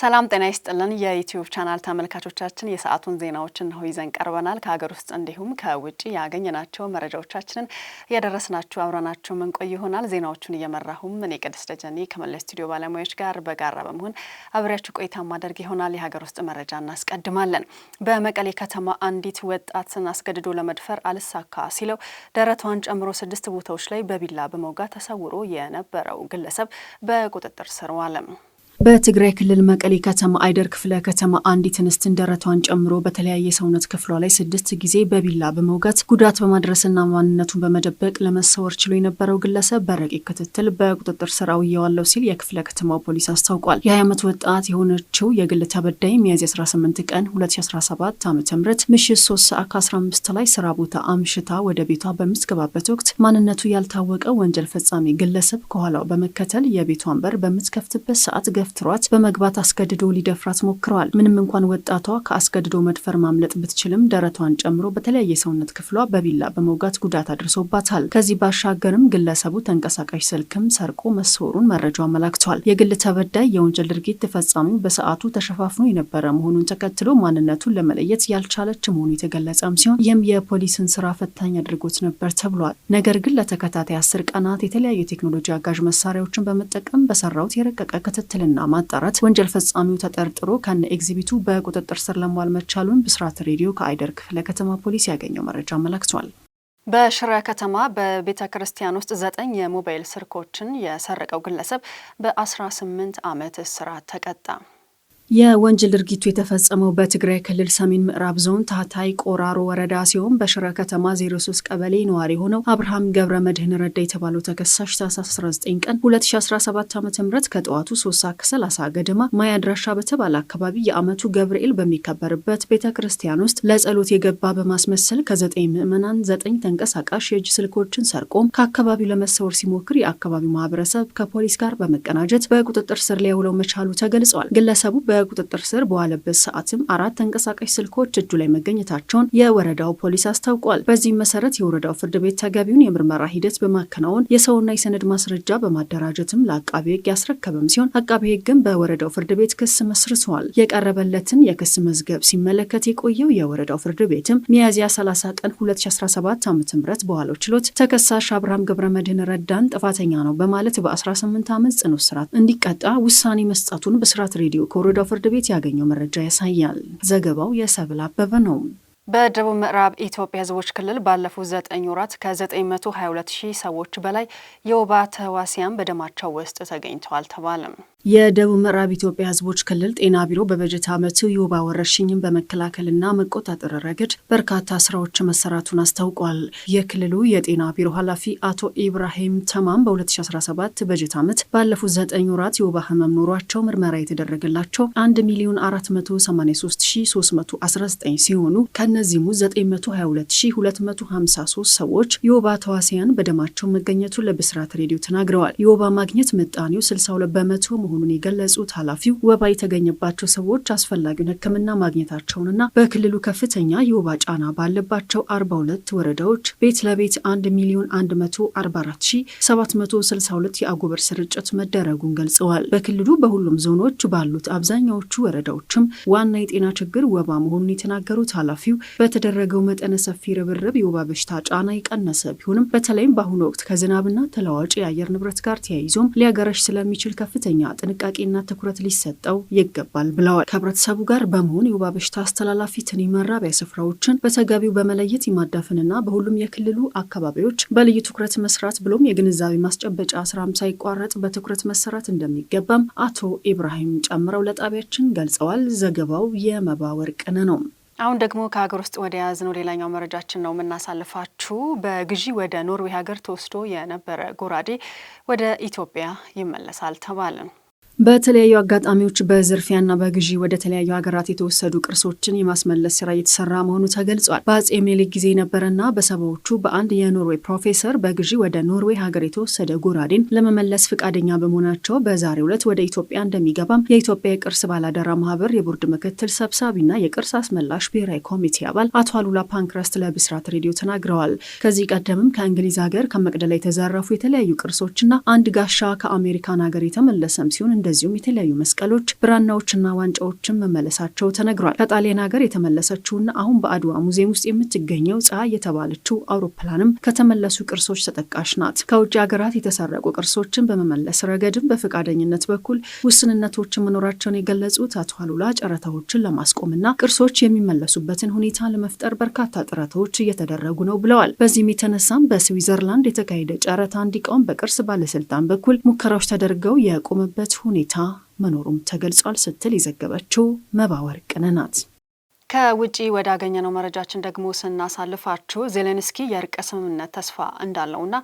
ሰላም ጤና ይስጥልን። የዩትዩብ ቻናል ተመልካቾቻችን የሰዓቱን ዜናዎች እነሆ ይዘን ቀርበናል። ከሀገር ውስጥ እንዲሁም ከውጭ ያገኘናቸው መረጃዎቻችንን እያደረስናችሁ አብረናችሁ ምንቆይ ይሆናል። ዜናዎቹን እየመራሁም እኔ ቅድስት ደጀኔ ከመለስ ስቱዲዮ ባለሙያዎች ጋር በጋራ በመሆን አብሬያችሁ ቆይታ ማደርግ ይሆናል። የሀገር ውስጥ መረጃ እናስቀድማለን። በመቀሌ ከተማ አንዲት ወጣትን አስገድዶ ለመድፈር አልሳካ ሲለው ደረቷን ጨምሮ ስድስት ቦታዎች ላይ በቢላ በመውጋት ተሰውሮ የነበረው ግለሰብ በቁጥጥር ስር ዋለም። በትግራይ ክልል መቀሌ ከተማ አይደር ክፍለ ከተማ አንዲት እንስትን ደረቷን ጨምሮ በተለያየ ሰውነት ክፍሏ ላይ ስድስት ጊዜ በቢላ በመውጋት ጉዳት በማድረስና ማንነቱን በመደበቅ ለመሰወር ችሎ የነበረው ግለሰብ በረቂቅ ክትትል በቁጥጥር ስር አውየዋለሁ ሲል የክፍለ ከተማው ፖሊስ አስታውቋል። የ20 ዓመት ወጣት የሆነችው የግል ተበዳይ ሚያዝያ 18 ቀን 2017 ዓ ም ምሽት 3 ሰዓት ከ15 ላይ ስራ ቦታ አምሽታ ወደ ቤቷ በምትገባበት ወቅት ማንነቱ ያልታወቀ ወንጀል ፈጻሚ ግለሰብ ከኋላው በመከተል የቤቷን በር በምትከፍትበት ሰዓት ገፍ ገፍትሯት በመግባት አስገድዶ ሊደፍራት ሞክረዋል። ምንም እንኳን ወጣቷ ከአስገድዶ መድፈር ማምለጥ ብትችልም ደረቷን ጨምሮ በተለያየ ሰውነት ክፍሏ በቢላ በመውጋት ጉዳት አድርሶባታል። ከዚህ ባሻገርም ግለሰቡ ተንቀሳቃሽ ስልክም ሰርቆ መሰወሩን መረጃው አመላክቷል። የግል ተበዳይ የወንጀል ድርጊት ተፈጻሚው በሰዓቱ ተሸፋፍኖ የነበረ መሆኑን ተከትሎ ማንነቱን ለመለየት ያልቻለች መሆኑ የተገለጸም ሲሆን ይህም የፖሊስን ስራ ፈታኝ አድርጎት ነበር ተብሏል። ነገር ግን ለተከታታይ አስር ቀናት የተለያዩ የቴክኖሎጂ አጋዥ መሳሪያዎችን በመጠቀም በሰራውት የረቀቀ ክትትልና ሙስና ማጣራት ወንጀል ፈጻሚው ተጠርጥሮ ከነ ኤግዚቢቱ በቁጥጥር ስር ለመዋል መቻሉን ብስራት ሬዲዮ ከአይደር ክፍለ ከተማ ፖሊስ ያገኘው መረጃ አመላክቷል። በሽረ ከተማ በቤተ ክርስቲያን ውስጥ ዘጠኝ የሞባይል ስልኮችን የሰረቀው ግለሰብ በ18 ዓመት እስራት ተቀጣ። የወንጀል ድርጊቱ የተፈጸመው በትግራይ ክልል ሰሜን ምዕራብ ዞን ታህታይ ቆራሮ ወረዳ ሲሆን በሽረ ከተማ 03 ቀበሌ ነዋሪ የሆነው አብርሃም ገብረ መድህን ረዳ የተባለው ተከሳሽ ታህሳስ 19 ቀን 2017 ዓ ም ከጠዋቱ 3 ሰዓት ከ30 ገደማ ማያድራሻ አድራሻ በተባለ አካባቢ የዓመቱ ገብርኤል በሚከበርበት ቤተ ክርስቲያን ውስጥ ለጸሎት የገባ በማስመሰል ከ 9 ምዕመናን 9 ተንቀሳቃሽ የእጅ ስልኮችን ሰርቆም ከአካባቢው ለመሰወር ሲሞክር የአካባቢው ማህበረሰብ ከፖሊስ ጋር በመቀናጀት በቁጥጥር ስር ሊያውለው መቻሉ ተገልጿል። ግለሰቡ በ በቁጥጥር ስር በዋለበት ሰዓትም አራት ተንቀሳቃሽ ስልኮች እጁ ላይ መገኘታቸውን የወረዳው ፖሊስ አስታውቋል። በዚህም መሰረት የወረዳው ፍርድ ቤት ተገቢውን የምርመራ ሂደት በማከናወን የሰውና የሰነድ ማስረጃ በማደራጀትም ለአቃቢ ሕግ ያስረከበም ሲሆን አቃቤ ሕግም በወረዳው ፍርድ ቤት ክስ መስርተዋል። የቀረበለትን የክስ መዝገብ ሲመለከት የቆየው የወረዳው ፍርድ ቤትም ሚያዝያ 30 ቀን 2017 ዓ ም በዋለው ችሎት ተከሳሽ አብርሃም መድህን ረዳን ጥፋተኛ ነው በማለት በ18 ዓመት ጽኑ እስራት እንዲቀጣ ውሳኔ መስጠቱን ብስራት ሬዲዮ ከወረዳው ፍርድ ቤት ያገኘው መረጃ ያሳያል። ዘገባው የሰብል አበበ ነው። በደቡብ ምዕራብ ኢትዮጵያ ህዝቦች ክልል ባለፉት ዘጠኝ ወራት ከ922 ሺህ ሰዎች በላይ የወባ ተዋሲያን በደማቸው ውስጥ ተገኝተዋል ተባለም። የደቡብ ምዕራብ ኢትዮጵያ ህዝቦች ክልል ጤና ቢሮ በበጀት ዓመቱ የወባ ወረርሽኝን በመከላከልና መቆጣጠር ረገድ በርካታ ስራዎች መሰራቱን አስታውቋል። የክልሉ የጤና ቢሮ ኃላፊ አቶ ኢብራሂም ተማም በ2017 በጀት ዓመት ባለፉት ዘጠኝ ወራት የወባ ህመም ኖሯቸው ምርመራ የተደረገላቸው 1 ሚሊዮን 483319 ሲሆኑ ከእነዚህም 922253 ሰዎች የወባ ተዋሲያን በደማቸው መገኘቱን ለብስራት ሬዲዮ ተናግረዋል። የወባ ማግኘት ምጣኔው 62 በመቶ መሆኑን የገለጹት ኃላፊው ወባ የተገኘባቸው ሰዎች አስፈላጊውን ሕክምና ማግኘታቸውንና በክልሉ ከፍተኛ የወባ ጫና ባለባቸው 42 ወረዳዎች ቤት ለቤት 1 ሚሊዮን 144762 የአጎበር ስርጭት መደረጉን ገልጸዋል። በክልሉ በሁሉም ዞኖች ባሉት አብዛኛዎቹ ወረዳዎችም ዋና የጤና ችግር ወባ መሆኑን የተናገሩት ኃላፊው በተደረገው መጠነ ሰፊ ርብርብ የወባ በሽታ ጫና የቀነሰ ቢሆንም በተለይም በአሁኑ ወቅት ከዝናብና ተለዋጭ የአየር ንብረት ጋር ተያይዞም ሊያገረሽ ስለሚችል ከፍተኛ ጥንቃቄና ትኩረት ሊሰጠው ይገባል ብለዋል። ከህብረተሰቡ ጋር በመሆን የወባ በሽታ አስተላላፊ ትንኝ መራቢያ ስፍራዎችን በተገቢው በመለየት ይማዳፍንና በሁሉም የክልሉ አካባቢዎች በልዩ ትኩረት መስራት ብሎም የግንዛቤ ማስጨበጫ ስራም ሳይቋረጥ በትኩረት መሰራት እንደሚገባም አቶ ኢብራሂም ጨምረው ለጣቢያችን ገልጸዋል። ዘገባው የመባ ወርቅን ነው። አሁን ደግሞ ከሀገር ውስጥ ወደ ያዝነው ሌላኛው መረጃችን ነው የምናሳልፋችሁ። በግዢ ወደ ኖርዌይ ሀገር ተወስዶ የነበረ ጎራዴ ወደ ኢትዮጵያ ይመለሳል ተባለ። በተለያዩ አጋጣሚዎች በዝርፊያና በግዢ ወደ ተለያዩ ሀገራት የተወሰዱ ቅርሶችን የማስመለስ ስራ እየተሰራ መሆኑ ተገልጿል። በአጼ ምኒልክ ጊዜ ነበረና በሰባዎቹ በአንድ የኖርዌይ ፕሮፌሰር በግዢ ወደ ኖርዌይ ሀገር የተወሰደ ጎራዴን ለመመለስ ፍቃደኛ በመሆናቸው በዛሬው ዕለት ወደ ኢትዮጵያ እንደሚገባም የኢትዮጵያ የቅርስ ባላደራ ማህበር የቦርድ ምክትል ሰብሳቢና የቅርስ አስመላሽ ብሔራዊ ኮሚቴ አባል አቶ አሉላ ፓንክረስት ለብስራት ሬዲዮ ተናግረዋል። ከዚህ ቀደምም ከእንግሊዝ ሀገር ከመቅደላ የተዘረፉ የተለያዩ ቅርሶችና አንድ ጋሻ ከአሜሪካን ሀገር የተመለሰም ሲሆን እንደ እንደዚሁም የተለያዩ መስቀሎች፣ ብራናዎችና ዋንጫዎችን መመለሳቸው ተነግሯል። ከጣሊያን ሀገር የተመለሰችውና አሁን በአድዋ ሙዚየም ውስጥ የምትገኘው ፀሐይ የተባለችው አውሮፕላንም ከተመለሱ ቅርሶች ተጠቃሽ ናት። ከውጭ ሀገራት የተሰረቁ ቅርሶችን በመመለስ ረገድም በፈቃደኝነት በኩል ውስንነቶችን መኖራቸውን የገለጹት አቶ አሉላ ጨረታዎችን ለማስቆምና ቅርሶች የሚመለሱበትን ሁኔታ ለመፍጠር በርካታ ጥረቶች እየተደረጉ ነው ብለዋል። በዚህም የተነሳም በስዊዘርላንድ የተካሄደ ጨረታ እንዲቃውም በቅርስ ባለስልጣን በኩል ሙከራዎች ተደርገው የቆመበት ሁኔታ ሁኔታ መኖሩም ተገልጿል ስትል የዘገበችው መባወርቅነ ናት። ከውጭ ወዳገኘነው መረጃችን ደግሞ ስናሳልፋችሁ ዜሌንስኪ የእርቀ ስምምነት ተስፋ እንዳለውና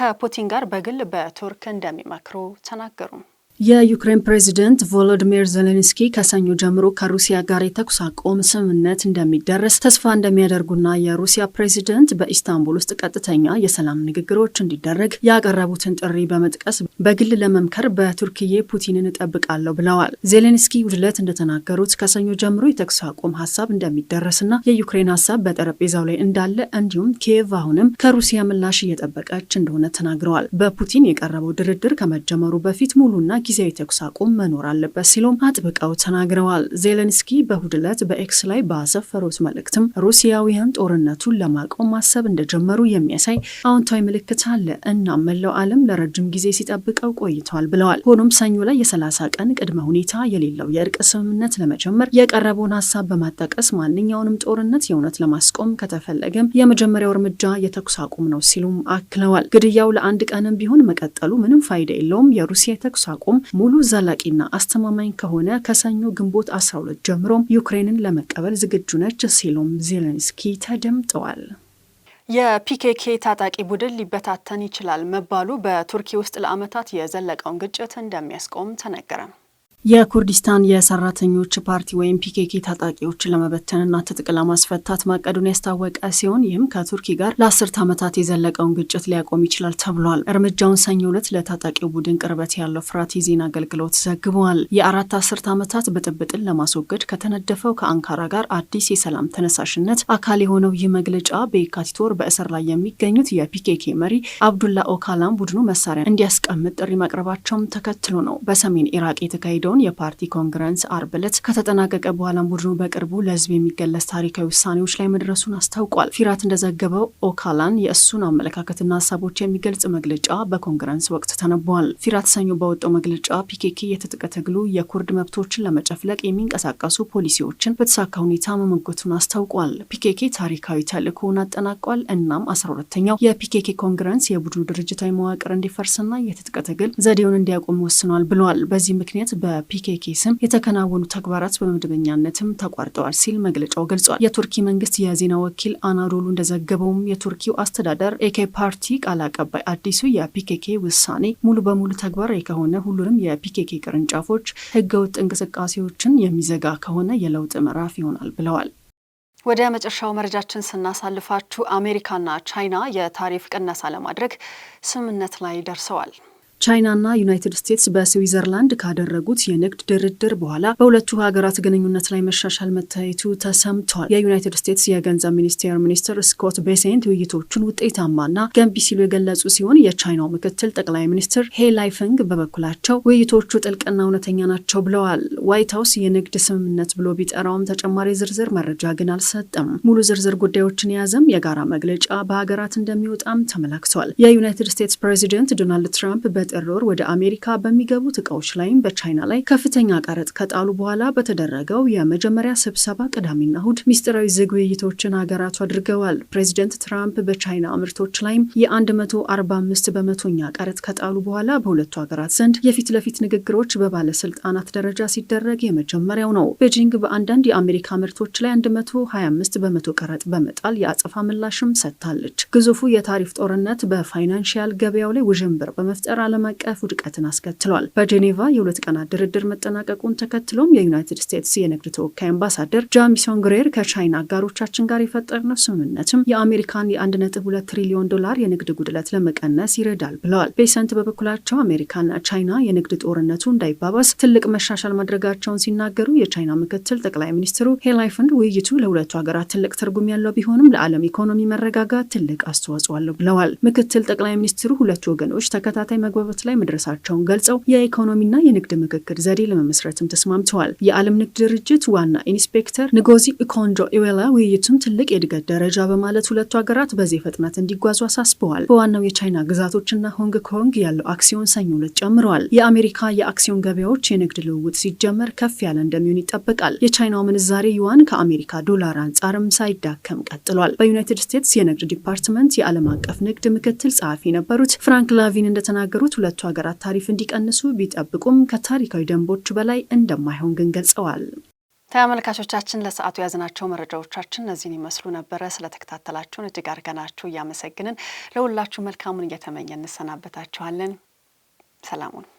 ከፑቲን ጋር በግል በቱርክ እንደሚመክሩ ተናገሩ። የዩክሬን ፕሬዚደንት ቮሎዲሚር ዜሌንስኪ ከሰኞ ጀምሮ ከሩሲያ ጋር የተኩስ አቁም ስምምነት እንደሚደረስ ተስፋ እንደሚያደርጉና የሩሲያ ፕሬዚደንት በኢስታንቡል ውስጥ ቀጥተኛ የሰላም ንግግሮች እንዲደረግ ያቀረቡትን ጥሪ በመጥቀስ በግል ለመምከር በቱርክዬ ፑቲንን እጠብቃለሁ ብለዋል። ዜሌንስኪ ውድለት እንደተናገሩት ከሰኞ ጀምሮ የተኩስ አቁም ሀሳብ እንደሚደረስና የዩክሬን ሀሳብ በጠረጴዛው ላይ እንዳለ እንዲሁም ኪየቭ አሁንም ከሩሲያ ምላሽ እየጠበቀች እንደሆነ ተናግረዋል። በፑቲን የቀረበው ድርድር ከመጀመሩ በፊት ሙሉና ጊዜያዊ ተኩስ አቁም መኖር አለበት ሲሉም አጥብቀው ተናግረዋል። ዜሌንስኪ በእሁድ ዕለት በኤክስ ላይ ባሰፈሩት መልእክትም ሩሲያውያን ጦርነቱን ለማቆም ማሰብ እንደጀመሩ የሚያሳይ አዎንታዊ ምልክት አለ እና መላው ዓለም ለረጅም ጊዜ ሲጠብቀው ቆይተዋል ብለዋል። ሆኖም ሰኞ ላይ የ30 ቀን ቅድመ ሁኔታ የሌለው የእርቅ ስምምነት ለመጀመር የቀረበውን ሀሳብ በማጠቀስ ማንኛውንም ጦርነት የእውነት ለማስቆም ከተፈለገም የመጀመሪያው እርምጃ የተኩስ አቁም ነው ሲሉም አክለዋል። ግድያው ለአንድ ቀንም ቢሆን መቀጠሉ ምንም ፋይዳ የለውም። የሩሲያ የተኩስ አቁም አቁም ሙሉ ዘላቂና አስተማማኝ ከሆነ ከሰኞ ግንቦት 12 ጀምሮም ዩክሬንን ለመቀበል ዝግጁ ነች ሲሉም ዜሌንስኪ ተደምጠዋል። የፒኬኬ ታጣቂ ቡድን ሊበታተን ይችላል መባሉ በቱርኪ ውስጥ ለዓመታት የዘለቀውን ግጭት እንደሚያስቆም ተነገረ። የኩርዲስታን የሰራተኞች ፓርቲ ወይም ፒኬኬ ታጣቂዎችን ለመበተንና ትጥቅ ለማስፈታት ማቀዱን ያስታወቀ ሲሆን ይህም ከቱርኪ ጋር ለአስርት ዓመታት የዘለቀውን ግጭት ሊያቆም ይችላል ተብሏል። እርምጃውን ሰኞ ዕለት ለታጣቂው ቡድን ቅርበት ያለው ፍራት የዜና አገልግሎት ዘግቧል። የአራት አስርት ዓመታት ብጥብጥን ለማስወገድ ከተነደፈው ከአንካራ ጋር አዲስ የሰላም ተነሳሽነት አካል የሆነው ይህ መግለጫ በየካቲት ወር በእስር ላይ የሚገኙት የፒኬኬ መሪ አብዱላ ኦካላም ቡድኑ መሳሪያ እንዲያስቀምጥ ጥሪ ማቅረባቸውም ተከትሎ ነው። በሰሜን ኢራቅ የተካሄደው ያለውን የፓርቲ ኮንግረንስ አርብ ዕለት ከተጠናቀቀ በኋላም ቡድኑ በቅርቡ ለህዝብ የሚገለጽ ታሪካዊ ውሳኔዎች ላይ መድረሱን አስታውቋል። ፊራት እንደዘገበው ኦካላን የእሱን አመለካከትና ሀሳቦች የሚገልጽ መግለጫ በኮንግረንስ ወቅት ተነቧል። ፊራት ሰኞ በወጣው መግለጫ ፒኬኬ የትጥቅ ትግሉ የኩርድ መብቶችን ለመጨፍለቅ የሚንቀሳቀሱ ፖሊሲዎችን በተሳካ ሁኔታ መመጎቱን አስታውቋል። ፒኬኬ ታሪካዊ ተልእኮውን አጠናቋል። እናም አስራ ሁለተኛው የፒኬኬ ኮንግረንስ የቡድኑ ድርጅታዊ መዋቅር እንዲፈርስና የትጥቅ ትግል ዘዴውን እንዲያቆም ወስኗል ብሏል። በዚህ ምክንያት በ በፒኬኬ ስም የተከናወኑ ተግባራት በመደበኛነትም ተቋርጠዋል ሲል መግለጫው ገልጿል። የቱርኪ መንግስት የዜና ወኪል አናዶሉ እንደዘገበውም የቱርኪው አስተዳደር ኤኬ ፓርቲ ቃል አቀባይ አዲሱ የፒኬኬ ውሳኔ ሙሉ በሙሉ ተግባራዊ ከሆነ ሁሉንም የፒኬኬ ቅርንጫፎች ህገወጥ እንቅስቃሴዎችን የሚዘጋ ከሆነ የለውጥ ምዕራፍ ይሆናል ብለዋል። ወደ መጨረሻው መረጃችን ስናሳልፋችሁ አሜሪካና ቻይና የታሪፍ ቅነሳ ለማድረግ ስምምነት ላይ ደርሰዋል። ቻይናና ዩናይትድ ስቴትስ በስዊዘርላንድ ካደረጉት የንግድ ድርድር በኋላ በሁለቱ ሀገራት ግንኙነት ላይ መሻሻል መታየቱ ተሰምቷል። የዩናይትድ ስቴትስ የገንዘብ ሚኒስቴር ሚኒስትር ስኮት ቤሴንት ውይይቶቹን ውጤታማና ገንቢ ሲሉ የገለጹ ሲሆን የቻይናው ምክትል ጠቅላይ ሚኒስትር ሄ ላይፈንግ በበኩላቸው ውይይቶቹ ጥልቅና እውነተኛ ናቸው ብለዋል። ዋይት ሀውስ የንግድ ስምምነት ብሎ ቢጠራውም ተጨማሪ ዝርዝር መረጃ ግን አልሰጠም። ሙሉ ዝርዝር ጉዳዮችን የያዘም የጋራ መግለጫ በሀገራት እንደሚወጣም ተመላክቷል። የዩናይትድ ስቴትስ ፕሬዚደንት ዶናልድ ትራምፕ በ ጥር ወር ወደ አሜሪካ በሚገቡት እቃዎች ላይም በቻይና ላይ ከፍተኛ ቀረጥ ከጣሉ በኋላ በተደረገው የመጀመሪያ ስብሰባ ቅዳሜና እሁድ ሚስጥራዊ ዝግ ውይይቶችን ሀገራቱ አድርገዋል። ፕሬዚደንት ትራምፕ በቻይና ምርቶች ላይም የ145 በመቶኛ ቀረጥ ከጣሉ በኋላ በሁለቱ ሀገራት ዘንድ የፊት ለፊት ንግግሮች በባለስልጣናት ደረጃ ሲደረግ የመጀመሪያው ነው። ቤጂንግ በአንዳንድ የአሜሪካ ምርቶች ላይ 125 በመቶ ቀረጥ በመጣል የአጸፋ ምላሽም ሰጥታለች። ግዙፉ የታሪፍ ጦርነት በፋይናንሽያል ገበያው ላይ ውዥንብር በመፍጠር አለ። ዓለም አቀፍ ውድቀትን አስከትሏል። በጄኔቫ የሁለት ቀናት ድርድር መጠናቀቁን ተከትሎም የዩናይትድ ስቴትስ የንግድ ተወካይ አምባሳደር ጃሚሶን ግሬር ከቻይና አጋሮቻችን ጋር የፈጠርነው ስምምነትም የአሜሪካን የ1.2 ትሪሊዮን ዶላር የንግድ ጉድለት ለመቀነስ ይረዳል ብለዋል። ቤሰንት በበኩላቸው አሜሪካና ቻይና የንግድ ጦርነቱ እንዳይባባስ ትልቅ መሻሻል ማድረጋቸውን ሲናገሩ የቻይና ምክትል ጠቅላይ ሚኒስትሩ ሄላይፈንድ ውይይቱ ለሁለቱ ሀገራት ትልቅ ትርጉም ያለው ቢሆንም ለዓለም ኢኮኖሚ መረጋጋት ትልቅ አስተዋጽኦ አለው ብለዋል። ምክትል ጠቅላይ ሚኒስትሩ ሁለቱ ወገኖች ተከታታይ መግባባ መግባባት ላይ መድረሳቸውን ገልጸው የኢኮኖሚና የንግድ ምክክር ዘዴ ለመመስረትም ተስማምተዋል። የዓለም ንግድ ድርጅት ዋና ኢንስፔክተር ንጎዚ ኢኮንጆ ኢዌላ ውይይቱም ትልቅ የእድገት ደረጃ በማለት ሁለቱ ሀገራት በዚህ ፍጥነት እንዲጓዙ አሳስበዋል። በዋናው የቻይና ግዛቶችና ሆንግ ኮንግ ያለው አክሲዮን ሰኞ ዕለት ጨምረዋል። የአሜሪካ የአክሲዮን ገበያዎች የንግድ ልውውጥ ሲጀመር ከፍ ያለ እንደሚሆን ይጠበቃል። የቻይናው ምንዛሬ ዩዋን ከአሜሪካ ዶላር አንጻርም ሳይዳከም ቀጥሏል። በዩናይትድ ስቴትስ የንግድ ዲፓርትመንት የዓለም አቀፍ ንግድ ምክትል ጸሐፊ የነበሩት ፍራንክ ላቪን እንደተናገሩት ምክንያት ሁለቱ ሀገራት ታሪፍ እንዲቀንሱ ቢጠብቁም ከታሪካዊ ደንቦቹ በላይ እንደማይሆን ግን ገልጸዋል። ተመልካቾቻችን ለሰዓቱ የያዝናቸው መረጃዎቻችን እነዚህን ይመስሉ ነበረ። ስለተከታተላችሁን እጅግ አድርገናችሁ እያመሰግንን ለሁላችሁ መልካሙን እየተመኘ እንሰናበታችኋለን። ሰላሙን